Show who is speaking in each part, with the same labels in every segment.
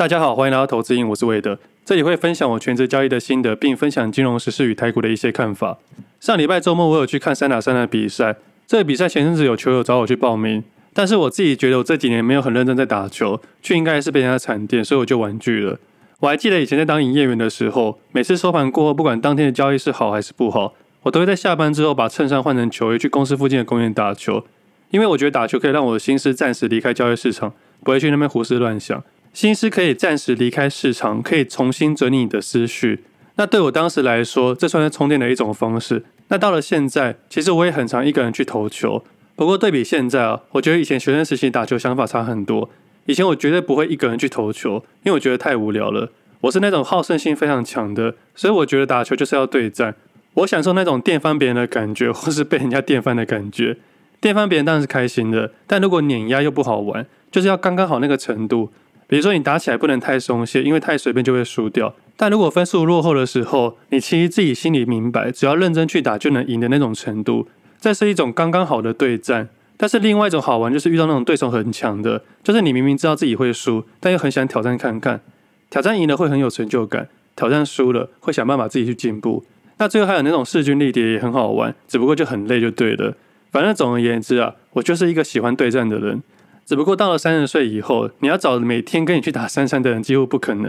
Speaker 1: 大家好，歡迎來到投資癮，我是韋德。這裡會分享我全職交易的心得，並分享金融時事與台股的一些看法。上禮拜周末我有去看三打三的比賽，這個比賽前陣子有球友找我去報名，但是我自己覺得我這幾年沒有很認真在打球，卻應該是被人家慘電，所以我就婉拒了。我還記得以前在當營業員的時候，每次收盤過後，不管當天的交易是好還是不好，我都會在下班之後把襯衫換成球衣，去公司附近的公園打球，因為我覺得打球可以讓我的心思暫時離開交易市場，不會去那邊胡思亂想。心思可以暫時離開市場，可以重新整理你的思緒。那對我當時來說，這算是充電的一種方式。那到了現在，其實我也很常一個人去投球。不過對比現在啊，我覺得以前學生時期打球想法差很多。以前我絕對不會一個人去投球，因為我覺得太無聊了。我是那種好勝心非常強的，所以我覺得打球就是要對戰。我享受那種電翻別人的感覺，或是被人家電翻的感覺。電翻別人當然是開心的，但如果碾壓又不好玩，就是要剛剛好那個程度。比如說，你打起來不能太鬆懈，因為太隨便就會輸掉。但如果分數落後的時候，你其實自己心裡明白，只要認真去打就能贏的那種程度，這是一種剛剛好的對戰。但是另外一種好玩就是遇到那種對手很強的，就是你明明知道自己會輸，但又很想挑戰看看。挑戰贏了會很有成就感，挑戰輸了會想辦法自己去進步。那最後還有那種勢均力敵也很好玩，只不過就很累就對了。反正總而言之啊，我就是一個喜歡對戰的人。只不過到了三十歲以後，你要找每天跟你去打三三的人幾乎不可能。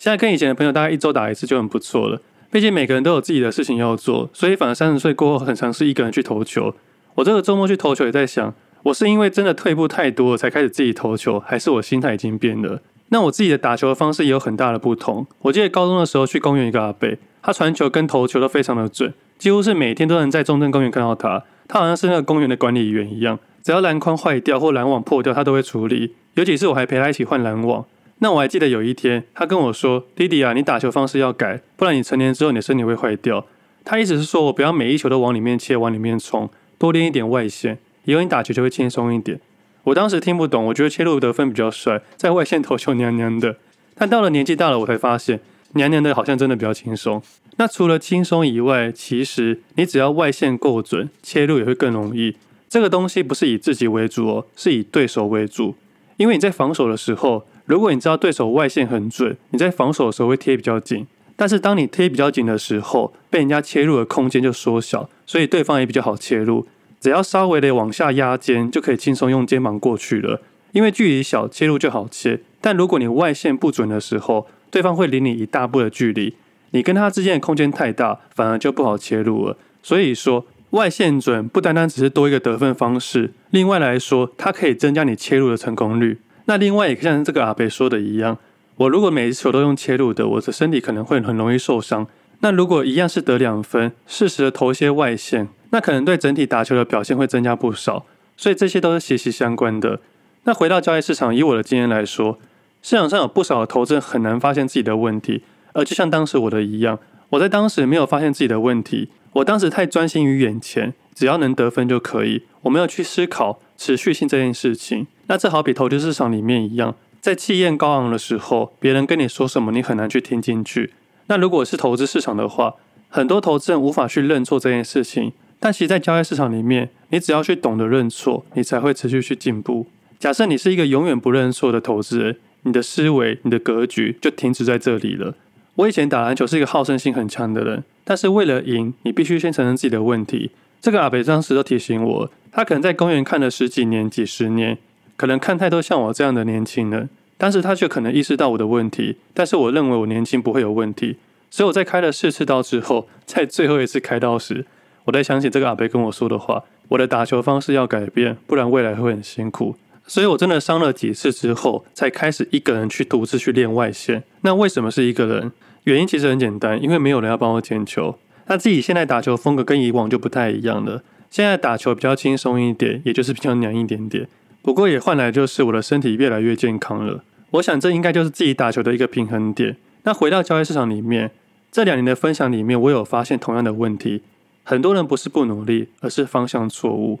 Speaker 1: 現在跟以前的朋友大概一周打一次就很不錯了。畢竟每個人都有自己的事情要做，所以反而三十歲過後很常是一個人去投球。我這個周末去投球也在想，我是因為真的退步太多了才開始自己投球，還是我心態已經變了？那我自己的打球的方式也有很大的不同。我記得高中的時候去公園一個阿伯，他傳球跟投球都非常的準，幾乎是每天都能在中正公園看到他。他好像是那個公園的管理員一樣。只要籃筐壞掉或籃網破掉，他都會處理。有幾次我還陪他一起換籃網。那我還記得有一天，他跟我說：“弟弟啊，你打球方式要改，不然你成年之後你的身體會壞掉。”他意思是說，我不要每一球都往裡面切，往裡面衝，多練一點外線，以後你打球就會輕鬆一點。我當時聽不懂，我覺得切入得分比較帥，在外線投球娘娘的。但到了年紀大了，我才發現，娘娘的好像真的比較輕鬆。那除了輕鬆以外，其實你只要外線夠準，切入也會更容易。這個東西不是以自己為主哦，是以對手為主。因為你在防守的時候，如果你知道對手外線很準，你在防守的時候會貼比較緊。但是當你貼比較緊的時候，被人家切入的空間就縮小，所以對方也比較好切入。只要稍微的往下壓肩，就可以輕鬆用肩膀過去了。因為距離小，切入就好切。但如果你外線不準的時候，對方會離你一大步的距離，你跟他之間的空間太大，反而就不好切入了。所以說。外線準不單單只是多一個得分方式，另外來說，它可以增加你切入的成功率。那另外，也可以像這個阿伯說的一樣，我如果每一球都用切入的，我的身體可能會很容易受傷。那如果一樣是得兩分，適時的投一些外線，那可能對整體打球的表現會增加不少。所以這些都是息息相關的。那回到交易市場，以我的經驗來說，市場上有不少的投資者很難發現自己的問題，而就像當時我的一樣，我在當時沒有發現自己的問題。我當時太專心於眼前，只要能得分就可以，我沒有去思考持續性這件事情。那這好比投資市場裡面一樣，在氣焰高昂的時候，別人跟你說什麼，你很難去聽進去。那如果是投資市場的話，很多投資人無法去認錯這件事情。但其實，在交易市場裡面，你只要去懂得認錯，你才會持續去進步。假設你是一個永遠不認錯的投資人，你的思維、你的格局就停止在這裡了。我以前打籃球是一個好勝心很強的人，但是為了贏，你必須先承認自己的問題。這個阿伯當時都提醒我，他可能在公園看了十幾年、幾十年，可能看太多像我這樣的年輕人，但是他卻可能意識到我的問題。但是我認為我年輕不會有問題，所以我在開了四次刀之後，在最後一次開刀時，我在想起這個阿伯跟我說的話：我的打球方式要改變，不然未來會很辛苦。所以，我真的傷了幾次之後，才開始一個人去獨自去練外線。那為什麼是一個人？原因其實很簡單，因為沒有人要幫我撿球。那自己現在打球風格跟以往就不太一樣了，現在打球比較輕鬆一點，也就是比較娘一點點。不過也換來就是我的身體越來越健康了。我想這應該就是自己打球的一個平衡點。那回到交易市場裡面，這兩年的分享裡面，我有發現同樣的問題：很多人不是不努力，而是方向錯誤。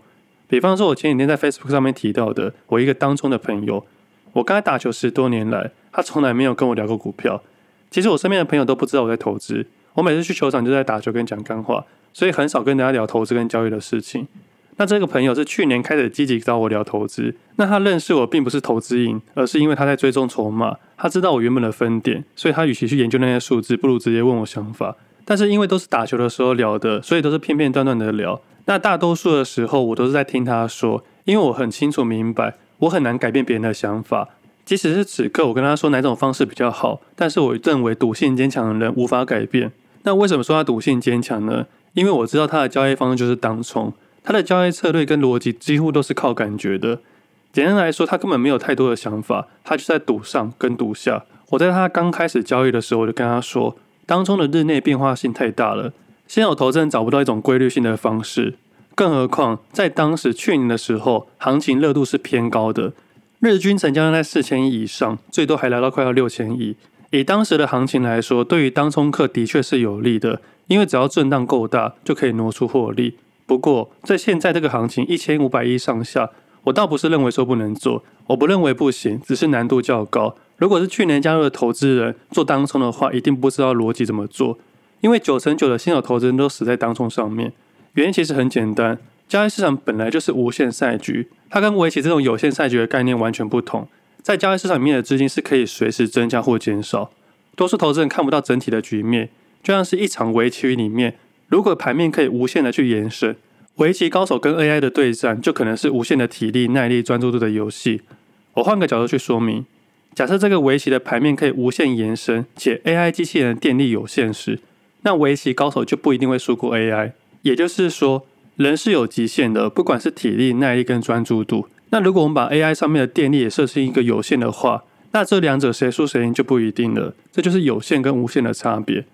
Speaker 1: 比方說，我前幾天在 Facebook 上面提到的，我一個當中的朋友，我跟他打球十多年來，他從來沒有跟我聊過股票。其實我身邊的朋友都不知道我在投資，我每次去球場就在打球跟講幹話，所以很少跟大家聊投資跟交易的事情。那這個朋友是去年開始積極找我聊投資，那他認識我並不是投資癮，而是因為他在追蹤籌碼，他知道我原本的分點，所以他與其去研究那些數字，不如直接問我想法。但是因為都是打球的時候聊的，所以都是片片段段的聊。那大多數的時候我都是在聽他說，因為我很清楚明白，我很難改變別人的想法。即使是此刻，我跟他說哪種方式比較好，但是我認為賭性堅強的人無法改變。那為什麼說他賭性堅強呢？因為我知道他的交易方式就是當沖，他的交易策略跟邏輯幾乎都是靠感覺的。簡單來說，他根本沒有太多的想法，他就在賭上跟賭下。我在他剛開始交易的時候，我就跟他說，當沖的日內變化性太大了，新手投資人找不到一種規律性的方式，更何況在當時去年的時候，行情熱度是偏高的。日均成交量在四千億以上，最多還來到快要六千億。以當時的行情來說，對於當沖客的確是有利的，因為只要震盪夠大，就可以挪出獲利。不過，在現在這個行情一千五百億上下，我倒不是認為說不能做，我不認為不行，只是難度較高。如果是去年加入的投資人做當沖的話，一定不知道邏輯怎麼做，因為九成九的新手投資人都死在當沖上面。原因其實很簡單。交易市場本來就是無限賽局，它跟圍棋這種有限賽局的概念完全不同。在交易市場裡面的資金是可以隨時增加或減少，多數投資人看不到整體的局面，就像是一場圍棋裡面，如果盤面可以無限的去延伸，圍棋高手跟 AI 的對戰就可能是無限的體力、耐力、專注度的遊戲。我換個角度去說明，假設這個圍棋的盤面可以無限延伸，且 AI 機器人的電力有限時，那圍棋高手就不一定會輸過 AI。也就是說。人是有極限的，不管是體力、耐力跟專注度。那如果我們把 AI 上面的電力也設置一個有限的話，那這兩者誰輸誰贏就不一定了。這就是有限跟無限的差別。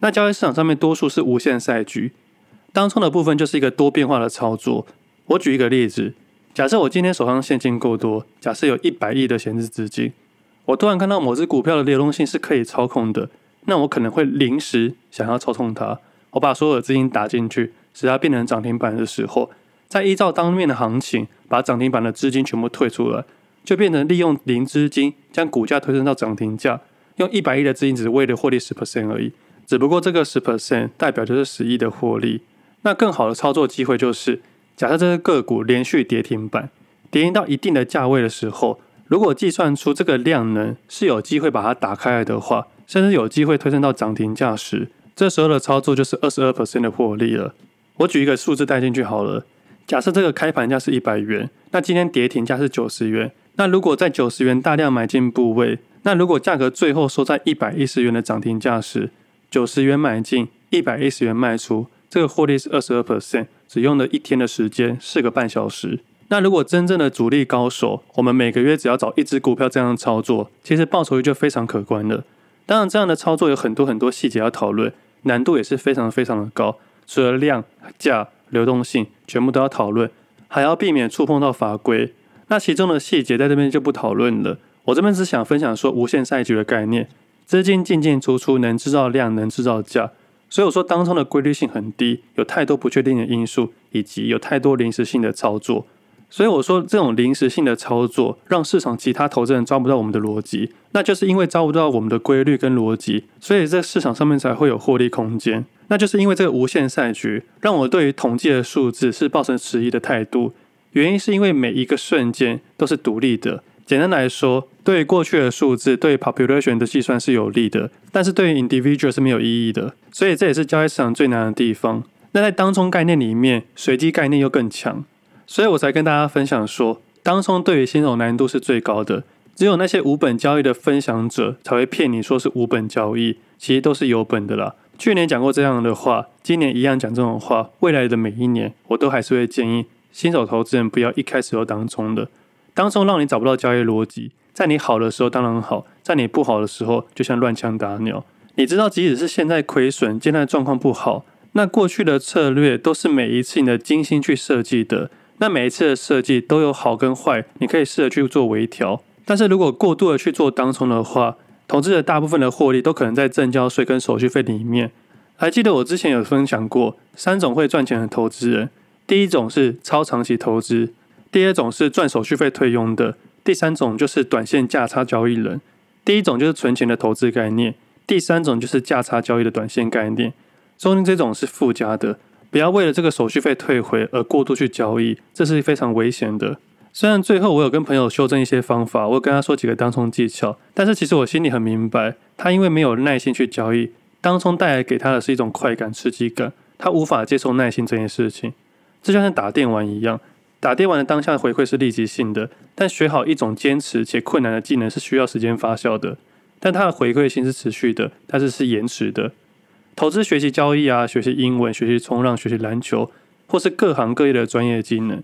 Speaker 1: 那交易市場上面多數是無限賽局，當沖的部分就是一個多變化的操作。我舉一個例子，假設我今天手上現金夠多，假設有一百億的閒置資金，我突然看到某隻股票的流動性是可以操控的，那我可能會臨時想要操控它，我把所有的資金打進去。只要變成漲停板的時候，再依照當面的行情，把漲停板的資金全部退出了，就變成利用零資金將股價推升到漲停價，用一百億的資金只為了獲利十 percent 而已。只不過這個十 percent 代表就是十億的獲利。那更好的操作機會就是，假設這只個股連續跌停板，跌停到一定的價位的時候，如果計算出這個量能是有機會把它打開來的話，甚至有機會推升到漲停價時，這時候的操作就是二十二 percent 的獲利了。我舉一個數字帶進去好了。假設這個開盤價是一百元，那今天跌停價是九十元。那如果在九十元大量買進部位，那如果價格最後收在一百一十元的漲停價時，九十元買進，一百一十元賣出，這個獲利是二十二 percent，只用了一天的時間，四個半小時。那如果真正的主力高手，我們每個月只要找一支股票這樣的操作，其實報酬率就非常可觀了。當然，這樣的操作有很多很多細節要討論，難度也是非常非常的高。除了量、價、流動性，全部都要討論，還要避免觸碰到法規。那其中的細節在這邊就不討論了。我這邊只想分享說無限賽局的概念，資金進進出出，能制造量，能制造價。所以我說當中的規律性很低，有太多不確定的因素，以及有太多臨時性的操作。所以我說，這種臨時性的操作讓市場其他投資人抓不到我們的邏輯，那就是因為抓不到我們的規律跟邏輯，所以在市場上面才會有獲利空間。那就是因為這個無限賽局，讓我對於統計的數字是抱持遲疑的態度。原因是因為每一個瞬間都是獨立的。簡單來說，對於過去的數字對於 population 的計算是有利的，但是對於 individual 是沒有意義的。所以這也是交易市場最難的地方。那在當中概念裡面，隨機概念又更強。所以我才跟大家分享說，當沖對於新手難度是最高的。只有那些無本交易的分享者才會騙你說是無本交易，其實都是有本的啦。去年講過這樣的話，今年一樣講這種話。未來的每一年，我都還是會建議新手投資人不要一開始就當沖的。當沖讓你找不到交易邏輯，在你好的時候當然好，在你不好的時候就像亂槍打鳥。你知道，即使是現在虧損，現在狀況不好，那過去的策略都是每一次你的精心去設計的。那每一次的設計都有好跟壞，你可以試着去做微調，但是如果過度的去做當沖的話，投資者大部分的獲利都可能在證交稅跟手續費裡面。還記得我之前有分享過三種會賺錢的投資人，第一種是超長期投資，第二種是賺手續費退佣的，第三種就是短線價差交易人。第一種就是存錢的投資概念，第三種就是價差交易的短線概念，中間這種是附加的。不要為了這個手續費退回而過度去交易，這是非常危險的。雖然最後我有跟朋友修正一些方法，我有跟他說幾個當沖技巧，但是其實我心裡很明白，他因為沒有耐心去交易，當沖帶來給他的是一種快感、刺激感，他無法接受耐心這件事情。這就像打電玩一樣，打電玩的當下的回饋是立即性的，但學好一種堅持且困難的技能是需要時間發酵的。但它的回饋性是持續的，但是是延遲的。投資、學習交易啊，學習英文、學習衝浪、學習籃球，或是各行各業的專業技能。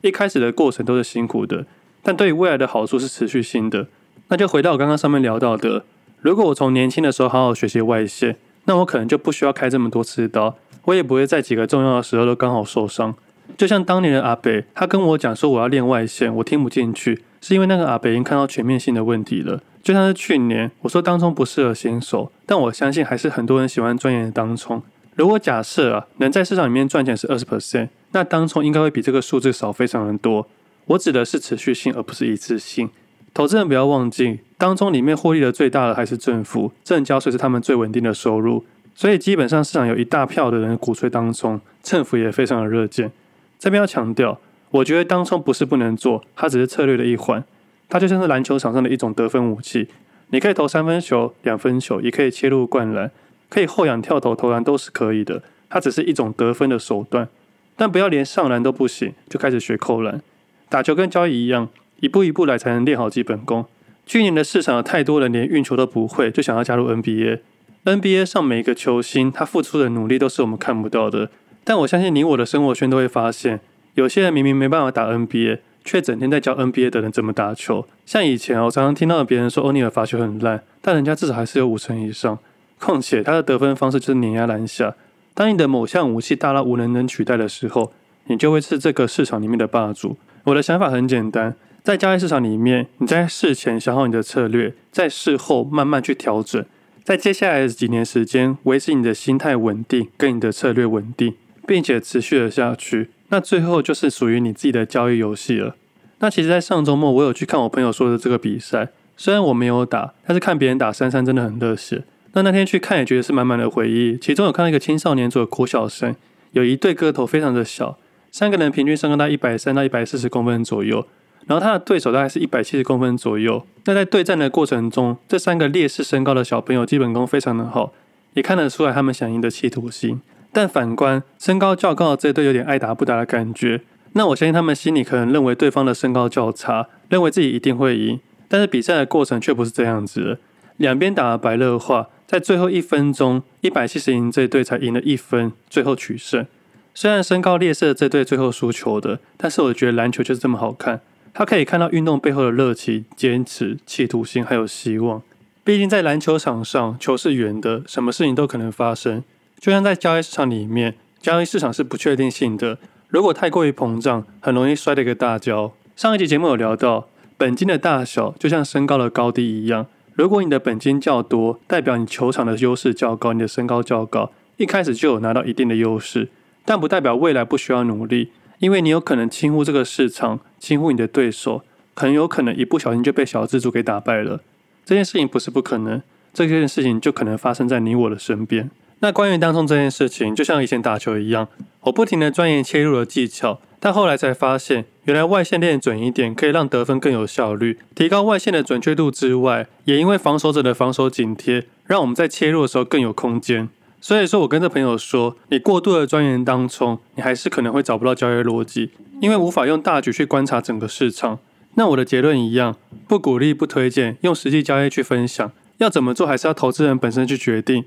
Speaker 1: 一開始的過程都是辛苦的，但對於未來的好處是持續性的。那就回到我剛剛上面聊到的，如果我從年輕的時候好好學習外線，那我可能就不需要開這麼多次刀，我也不會在幾個重要的時候都剛好受傷。就像當年的阿伯，他跟我講說我要練外線，我聽不進去。是因為那個阿伯已經看到全面性的問題了。就像是去年我說當沖不適合新手，但我相信還是很多人喜歡專業當沖。如果假設啊能在市場裡面賺錢是二十 percent，那當沖應該會比這個數字少非常的多。我指的是持續性，而不是一次性。投資人不要忘記，當沖裡面獲利的最大的還是政府，證交稅是他們最穩定的收入。所以基本上市場有一大票的人鼓吹當沖，政府也非常的熱薦。這邊要強調。我覺得當沖不是不能做，它只是策略的一環。它就像是籃球場上的一種得分武器，你可以投三分球、兩分球，也可以切入灌籃，可以後仰跳投投籃都是可以的。它只是一種得分的手段，但不要連上籃都不行，就開始學扣籃。打球跟交易一樣，一步一步來才能練好基本功。去年的市場有太多人連運球都不會，就想要加入 NBA。NBA 上每一個球星，他付出的努力都是我們看不到的，但我相信你我的生活圈都會發現。有些人明明沒辦法打 NBA，卻整天在教 NBA 的人怎麼打球。像以前喔，我常常聽到別人說歐尼爾罰球很爛，但人家至少還是有五成以上。況且他的得分方式就是碾壓籃下。當你的某項武器大到無人能取代的時候，你就會是這個市場裡面的霸主。我的想法很簡單，在交易市場裡面，你在事前想好你的策略，在事後慢慢去調整，在接下來的幾年時間，維持你的心態穩定，跟你的策略穩定，並且持續了下去。那最後就是屬於你自己的交易遊戲了。那其實，在上週末我有去看我朋友說的這個比賽，雖然我沒有打，但是看別人打三三真的很熱血。那那天去看也覺得是滿滿的回憶。其中有看到一個青少年組的國小學生，有一對個頭非常的小，三個人平均身高到一百三到一百四十公分左右，然後他的對手大概是一百七十公分左右。那在對戰的過程中，這三個劣勢身高的小朋友基本功非常的好，也看得出來他們想贏的企圖心。但反觀身高較高的這一隊，有點愛打不打的感覺。那我相信他們心裡可能認為對方的身高較差，認為自己一定會贏。但是比賽的過程卻不是這樣子的，兩邊打了白熱化，在最後一分鐘，一百七十這一隊才贏了一分，最後取勝。雖然身高劣勢的這隊最後輸球的，但是我覺得籃球就是這麼好看，他可以看到運動背後的熱情、堅持、企圖心還有希望。畢竟在籃球場上，球是圓的，什麼事情都可能發生。就像在交易市場裡面，交易市場是不確定性的。如果太過於膨脹，很容易摔了一個大跤。上一集節目有聊到，本金的大小就像身高的高低一樣。如果你的本金較多，代表你球場的優勢較高，你的身高較高，一開始就有拿到一定的優勢，但不代表未來不需要努力，因為你有可能輕忽這個市場，輕忽你的對手，很有可能一不小心就被小蜘蛛給打敗了。這件事情不是不可能，這件事情就可能發生在你我的身邊。那關於當沖這件事情，就像以前打球一樣，我不停地鑽研切入的技巧，但後來才發現，原來外線練準一點可以讓得分更有效率，提高外線的準確度之外，也因為防守者的防守緊貼，讓我們在切入的時候更有空間。所以說我跟這朋友說，你過度的鑽研當沖，你還是可能會找不到交易邏輯，因為無法用大局去觀察整個市場。那我的結論一樣，不鼓勵、不推薦用實際交易去分享，要怎麼做，還是要投資人本身去決定。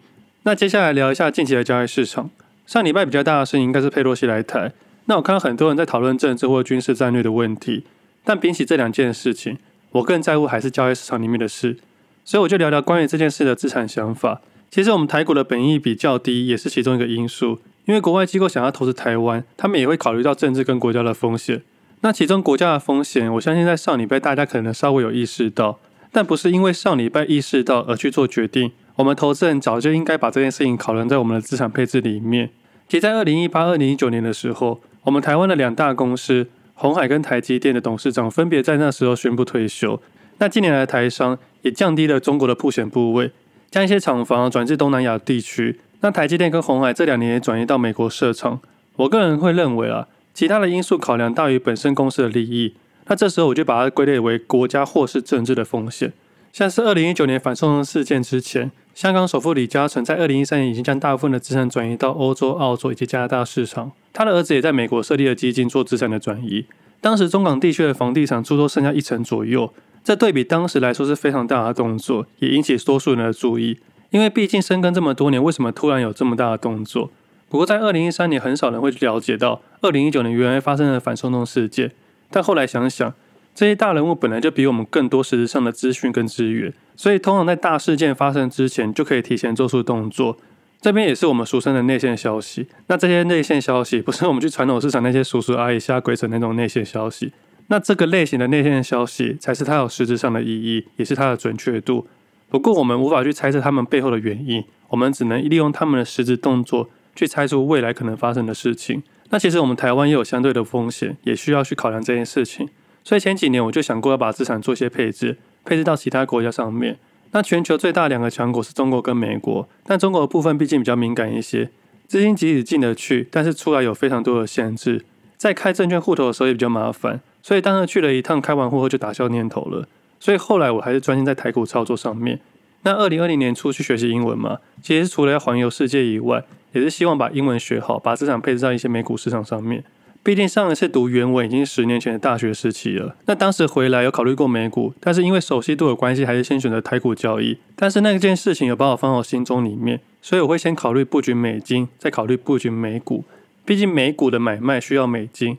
Speaker 1: 那接下來聊一下近期的交易市場。上禮拜比較大的事情應該是佩洛西來台。那我看到很多人在討論政治或軍事戰略的問題，但比起這兩件事情，我更在乎還是交易市場裡面的事。所以我就聊聊關於這件事的資產想法。其實我們台股的本益比較低，也是其中一個因素。因為國外機構想要投資台灣，他們也會考慮到政治跟國家的風險。那其中國家的風險，我相信在上禮拜大家可能稍微有意識到，但不是因為上禮拜意識到而去做決定。我們投資人早就應該把這件事情考量在我們的資產配置裡面。其實在，在二零一八、二零一九年的時候，我們台灣的兩大公司鴻海跟台積電的董事長分別在那時候宣布退休。那近年來，台商也降低了中國的曝險部位，將一些廠房轉至東南亞地區。那台積電跟鴻海這兩年也轉移到美國設廠。我個人會認為啊，其他的因素考量大於本身公司的利益。那這時候我就把它歸類為國家或是政治的風險。像是二零一九年反送中事件之前。香港首富李嘉誠在二零一三年已經將大部分的資產轉移到歐洲、澳洲以及加拿大市場，他的兒子也在美國設立了基金做資產的轉移。當時中港地區的房地產諸多剩下一成左右，這對比當時來說是非常大的動作，也引起多數人的注意。因為畢竟深耕這麼多年，為什麼突然有這麼大的動作？不過在二零一三年，很少人會去了解到二零一九年原來發生了反送中事件。但後來想想，這些大人物本來就比我們更多實質上的資訊跟資源。所以，通常在大事件發生之前，就可以提前做出動作。這邊也是我們俗稱的內線消息。那這些內線消息，不是我們去傳統市場那些叔叔阿姨瞎鬼扯那種內線消息。那這個類型的內線消息，才是它有實質上的意義，也是它的準確度。不過，我們無法去猜測他們背後的原因，我們只能利用他們的實質動作，去猜出未來可能發生的事情。那其實我們台灣也有相對的風險，也需要去考量這件事情。所以前幾年我就想過要把資產做一些配置。配置到其他國家上面，那全球最大兩個強國是中國跟美國，但中國的部分畢竟比較敏感一些，資金即使進得去，但是出來有非常多的限制，在開證券戶頭的時候也比較麻煩，所以當時去了一趟，開完戶後就打消念頭了，所以後來我還是專心在台股操作上面。那二零二零年初去學習英文嘛，其實除了要環遊世界以外，也是希望把英文學好，把資產配置到一些美股市場上面。畢竟上一次讀原文已經十年前的大學時期了。那當時回來有考慮過美股，但是因為熟悉度有關係，還是先選擇台股交易。但是那件事情有把我放到心中裡面，所以我會先考慮布局美金，再考慮布局美股。畢竟美股的買賣需要美金。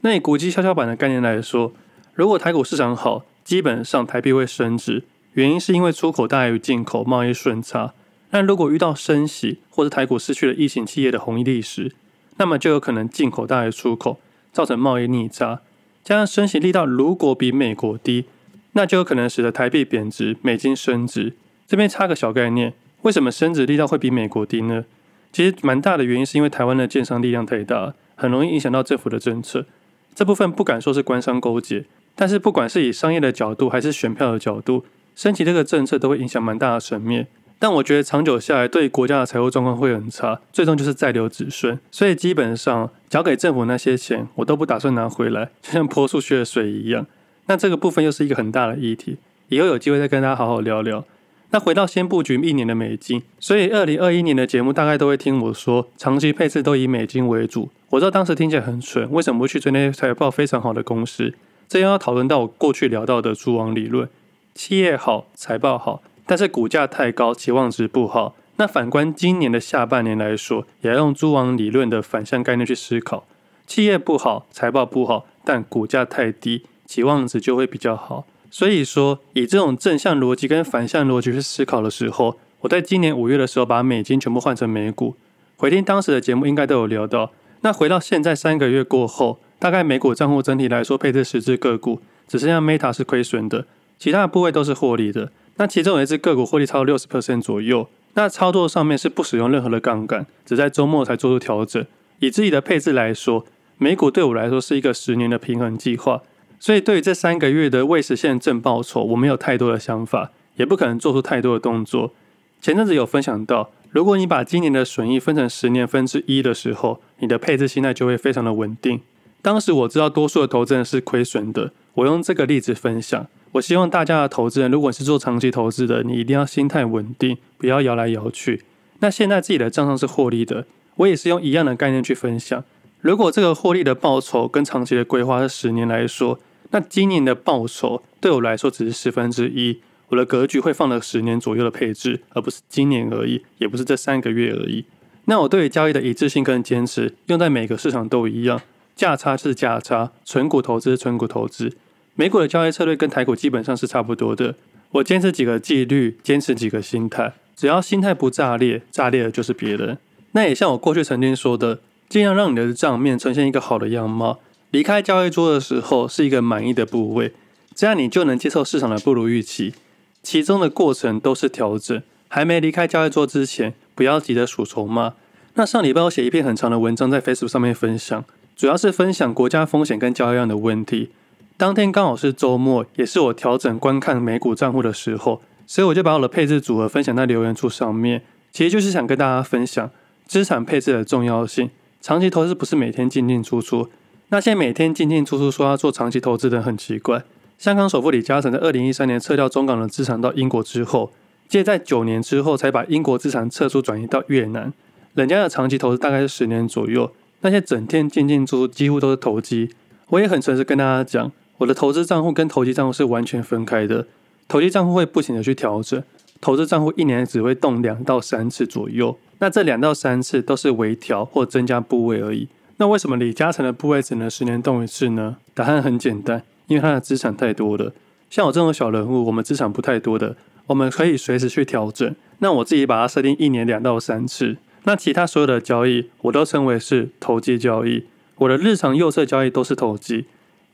Speaker 1: 那以國際蹺蹺板的概念來說，如果台股市場好，基本上台幣會升值，原因是因為出口大於進口，貿易順差。那如果遇到升息，或者台股失去了疫情企業的紅利時，那麼就有可能進口大於出口，造成貿易逆差。加上升息力道如果比美國低，那就有可能使得台幣貶值，美金升值。這邊插個小概念：為什麼升值力道會比美國低呢？其實蠻大的原因是因為台灣的建商力量太大，很容易影響到政府的政策。這部分不敢說是官商勾結，但是不管是以商業的角度還是選票的角度，升息這個政策都會影響蠻大的層面。但我覺得長久下來，對國家的財務狀況會很差，最終就是債留子孫。所以基本上，繳給政府那些錢，我都不打算拿回來，就像潑出去的水一樣。那這個部分又是一個很大的議題，以後有機會再跟大家好好聊聊。那回到先布局一年的美金，所以二零二一年的節目大概都會聽我說，長期配置都以美金為主。我知道當時聽起來很蠢，為什麼不去追那些財報非常好的公司？這又要討論到我過去聊到的蛛網理論，企業好，財報好。但是股價太高，期望值不好。那反觀今年的下半年來說，也要用蛛網理論的反向概念去思考：企業不好，財報不好，但股價太低，期望值就會比較好。所以說，以這種正向邏輯跟反向邏輯去思考的時候，我在今年五月的時候把美金全部換成美股。回聽當時的節目，應該都有聊到。那回到現在三個月過後，大概美股賬戶整體來說配置十隻個股，只剩下 Meta 是虧損的，其他的部位都是獲利的。那其中有一隻個股獲利超過六十 percent 左右，那操作上面是不使用任何的槓桿，只在周末才做出調整。以自己的配置來說，美股對我來說是一個十年的平衡計劃，所以對於這三個月的未實現正報酬，我沒有太多的想法，也不可能做出太多的動作。前陣子有分享到，如果你把今年的損益分成十年分之一的時候，你的配置心態就會非常的穩定。當時我知道多數的投資人是虧損的，我用這個例子分享。我希望大家的投資人，如果是做長期投資的，你一定要心態穩定，不要搖來搖去。那現在自己的賬上是獲利的，我也是用一樣的概念去分享。如果這個獲利的報酬跟長期的規劃是十年來說，那今年的報酬對我來說只是十分之一。我的格局會放了十年左右的配置，而不是今年而已，也不是這三個月而已。那我對於交易的一致性跟堅持，用在每個市場都一樣。價差是價差，存股投資是存股投資。美股的交易策略跟台股基本上是差不多的。我堅持幾個紀律，堅持幾個心態，只要心態不炸裂，炸裂的就是別人。那也像我過去曾經說的，盡量讓你的賬面呈現一個好的樣貌，離開交易桌的時候是一個滿意的部位，這樣你就能接受市場的不如預期。其中的過程都是調整，還沒離開交易桌之前，不要急着數籌碼。那上禮拜我寫一篇很長的文章在 Facebook 上面分享，主要是分享國家風險跟交易量的問題。當天剛好是周末，也是我調整觀看美股賬戶的時候，所以我就把我的配置組合分享在留言處上面。其實就是想跟大家分享資產配置的重要性。長期投資不是每天進進出出，那些每天進進出出說要做長期投資的很奇怪。香港首富李嘉誠在二零一三年撤掉中港的資產到英國之後，接在九年之後才把英國資產撤出轉移到越南，人家的長期投資大概是十年左右。那些整天進進出出幾乎都是投機。我也很誠實跟大家講。我的投資賬戶跟投機賬戶是完全分開的，投機賬戶會不停的去調整，投資賬戶一年只會動兩到三次左右，那這兩到三次都是微調或增加部位而已。那為什麼李嘉誠的部位只能十年動一次呢？答案很簡單，因為他的資產太多了。像我這種小人物，我們資產不太多的，我們可以隨時去調整。那我自己把它設定一年兩到三次，那其他所有的交易我都稱為是投機交易，我的日常右側交易都是投機。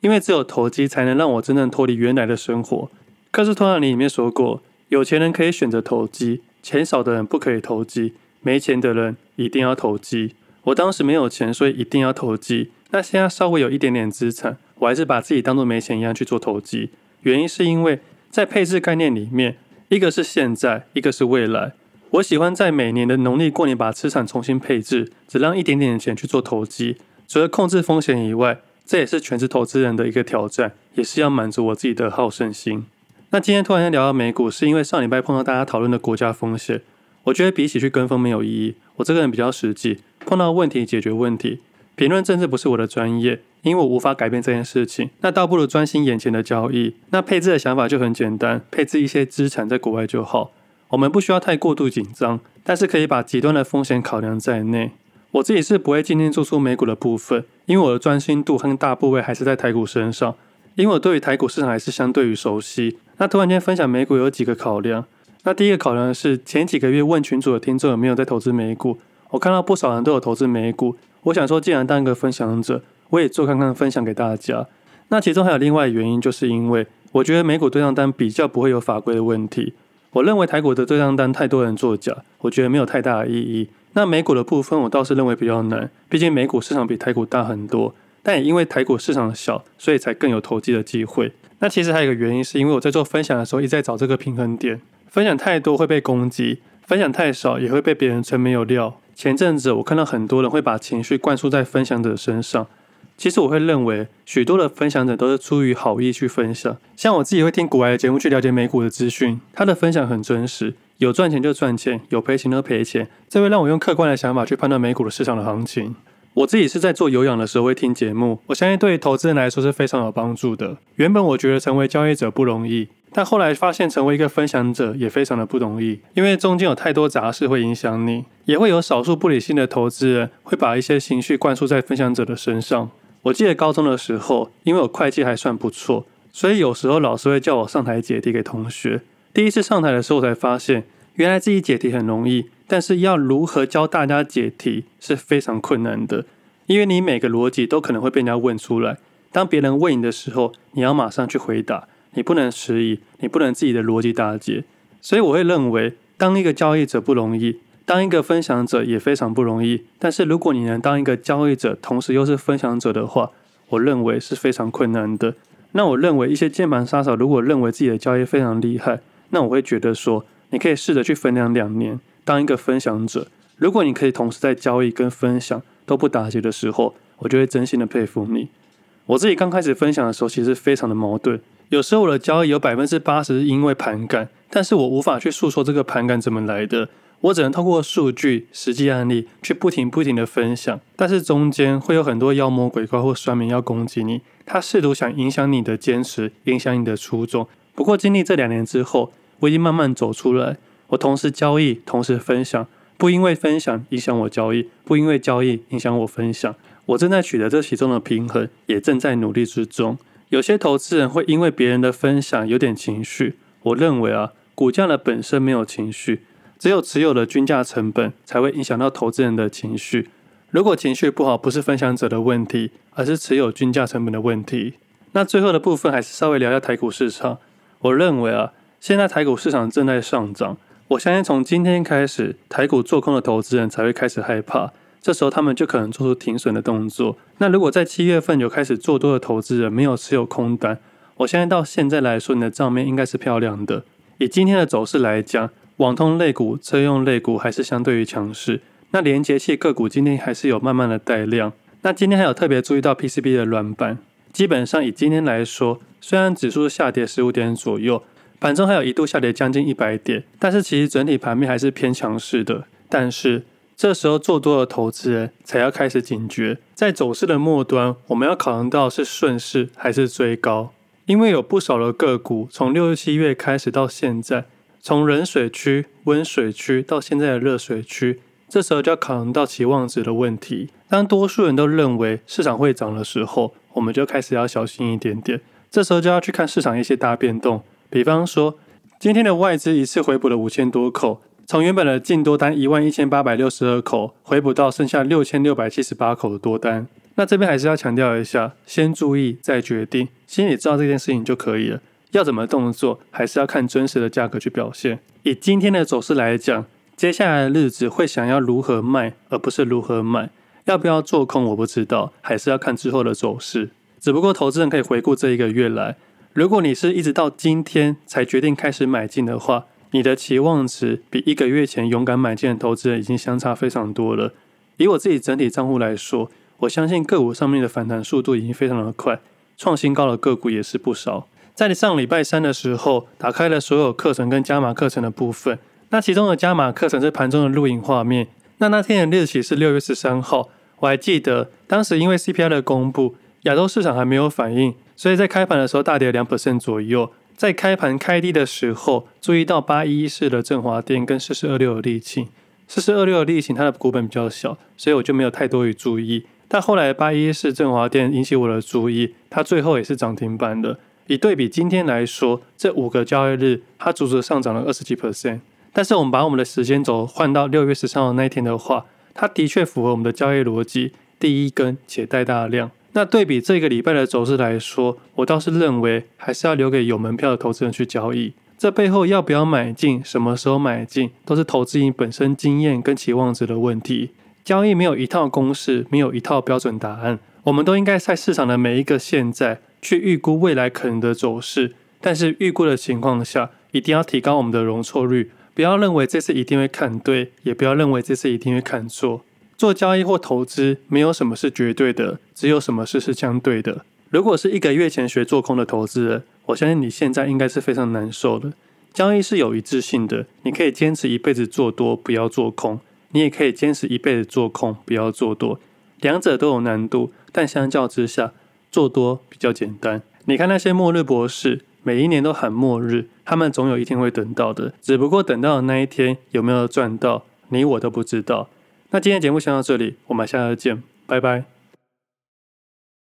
Speaker 1: 因為只有投機才能讓我真正脫離原來的生活。科斯托蘭尼裡面說過，有錢人可以選擇投機，錢少的人不可以投機，沒錢的人一定要投機。我當時沒有錢，所以一定要投機。那現在稍微有一點點資產，我還是把自己當做沒錢一樣去做投機。原因是因為在配置概念裡面，一個是現在，一個是未來。我喜歡在每年的農曆過年把資產重新配置，只讓一點點錢去做投機，除了控制風險以外。這也是全職投資人的一個挑戰，也是要滿足我自己的好勝心。那今天突然間聊到美股，是因為上禮拜碰到大家討論的國家風險。我覺得比起去跟風沒有意義。我這個人比較實際，碰到問題解決問題。評論政治不是我的專業，因為我無法改變這件事情。那倒不如專心眼前的交易。那配置的想法就很簡單，配置一些資產在國外就好。我們不需要太過度緊張，但是可以把極端的風險考量在內。我自己是不會今天做出美股的部分，因為我的專心度跟大部位還是在台股身上，因為我對於台股市場還是相對於熟悉。那突然間分享美股有幾個考量，那第一個考量是前幾個月問群組的聽眾有沒有在投資美股，我看到不少人都有投資美股，我想說既然當一個分享者，我也做看看分享給大家。那其中還有另外的原因，就是因為我覺得美股對賬單比較不會有法規的問題，我認為台股的對賬單太多人作假，我覺得沒有太大的意義。那美股的部分，我倒是認為比較難，畢竟美股市場比台股大很多，但也因為台股市場小，所以才更有投機的機會。那其實還有一個原因，是因為我在做分享的時候，一直在找這個平衡點。分享太多會被攻擊，分享太少也會被別人稱沒有料。前陣子我看到很多人會把情緒灌輸在分享者身上，其實我會認為許多的分享者都是出於好意去分享。像我自己會聽國外的節目去了解美股的資訊，他的分享很真實。有賺錢就賺錢，有賠錢就賠錢，這會讓我用客觀的想法去判斷美股的市場的行情。我自己是在做有氧的時候會聽節目，我相信對於投資人來說是非常有幫助的。原本我覺得成為交易者不容易，但後來發現成為一個分享者也非常的不容易，因為中間有太多雜事會影響你，也會有少數不理性的投資人會把一些情緒灌輸在分享者的身上。我記得高中的時候，因為我會計還算不錯，所以有時候老師會叫我上台解題給同學。第一次上台的時候才發現，原來自己解題很容易，但是要如何教大家解題是非常困難的，因為你每個邏輯都可能會被人家問出來。當別人問你的時候，你要馬上去回答，你不能遲疑，你不能自己的邏輯打結。所以我會認為，當一個交易者不容易，當一個分享者也非常不容易。但是如果你能當一個交易者，同時又是分享者的話，我認為是非常困難的。那我認為一些鍵盤殺手如果認為自己的交易非常厲害，那我會覺得說，你可以試着去分享兩年，當一個分享者。如果你可以同時在交易跟分享都不打結的時候，我就會真心的佩服你。我自己剛開始分享的時候，其實非常的矛盾。有時候我的交易有百分之八十是因為盤感，但是我無法去訴說這個盤感怎麼來的，我只能透過數據、實際案例去不停不停的分享。但是中間會有很多妖魔鬼怪或酸民要攻擊你，他試圖想影響你的堅持，影響你的初衷。不過經歷這兩年之後，我已經慢慢走出來。我同時交易，同時分享，不因為分享影響我交易，不因為交易影響我分享。我正在取得這其中的平衡，也正在努力之中。有些投資人會因為別人的分享有點情緒，我認為啊，股價的本身沒有情緒，只有持有的均價成本才會影響到投資人的情緒。如果情緒不好，不是分享者的問題，而是持有均價成本的問題。那最後的部分還是稍微聊聊台股市場。我認為啊。現在台股市場正在上漲，我相信從今天開始，台股做空的投資人才會開始害怕，這時候他們就可能做出停損的動作。那如果在七月份有開始做多的投資人沒有持有空單，我相信到現在來說，你的賬面應該是漂亮的。以今天的走勢來講，網通類股、車用類股還是相對於強勢。那連接器個股今天還是有慢慢的帶量。那今天還有特別注意到 PCB 的軟板，基本上以今天來說，雖然指數下跌十五點左右。反正還有一度下跌將近一百點，但是其實整體盤面還是偏強勢的。但是這時候做多的投資人，才要開始警覺。在走勢的末端，我們要考量到是順勢還是追高，因為有不少的個股從六、七月開始到現在，從冷水區、溫水區到現在的熱水區，這時候就要考量到期望值的問題。當多數人都認為市場會漲的時候，我們就開始要小心一點點。這時候就要去看市場一些大變動。比方說，今天的外資一次回補了五千多口，從原本的淨多單一萬一千八百六十二口，回補到剩下六千六百七十八口的多單。那這邊還是要強調一下，先注意再決定，心裡知道這件事情就可以了。要怎麼動作，還是要看真實的價格去表現。以今天的走勢來講，接下來的日子會想要如何賣，而不是如何買。要不要做空，我不知道，還是要看之後的走勢。只不過投資人可以回顧這一個月來。如果你是一直到今天才決定開始買進的話，你的期望值比一個月前勇敢買進的投資人已經相差非常多了。以我自己整體賬戶來說，我相信個股上面的反彈速度已經非常的快，創新高的個股也是不少。在你上禮拜三的時候，打開了所有課程跟加碼課程的部分，那其中的加碼課程是盤中的錄影畫面。那那天的日期是六月十三號，我還記得當時因為 CPI 的公布，亞洲市場還沒有反應。所以在開盤的時候大跌兩 percent 左右，在開盤開低的時候注意到八一一四的振華電跟四四二六的利勤，四四二六的利勤它的股本比較小，所以我就沒有太多於注意。但後來八一一四振華電引起我的注意，它最後也是漲停板了。以對比今天來說，這五個交易日它足足上漲了二十幾 percent。但是我們把我們的時間軸換到六月十三號的那天的話，它的確符合我們的交易邏輯，第一根且帶大量。那對比這個禮拜的走勢來說，我倒是認為還是要留給有門票的投資人去交易。這背後要不要買進，什麼時候買進，都是投資人本身經驗跟期望值的問題。交易沒有一套公式，沒有一套標準答案。我們都應該在市場的每一個現在去預估未來可能的走勢，但是預估的情況下，一定要提高我們的容錯率。不要認為這次一定會看對，也不要認為這次一定會看錯。做交易或投資，沒有什麼是絕對的，只有什麼事是相對的。如果是一個月前學做空的投資人，我相信你現在應該是非常難受的。交易是有一致性的，你可以堅持一輩子做多，不要做空；你也可以堅持一輩子做空，不要做多。兩者都有難度，但相較之下，做多比較簡單。你看那些末日博士，每一年都喊末日，他們總有一天會等到的，只不過等到的那一天有沒有賺到，你我都不知道。那今天節目先到這裡，我們下次再見，拜拜。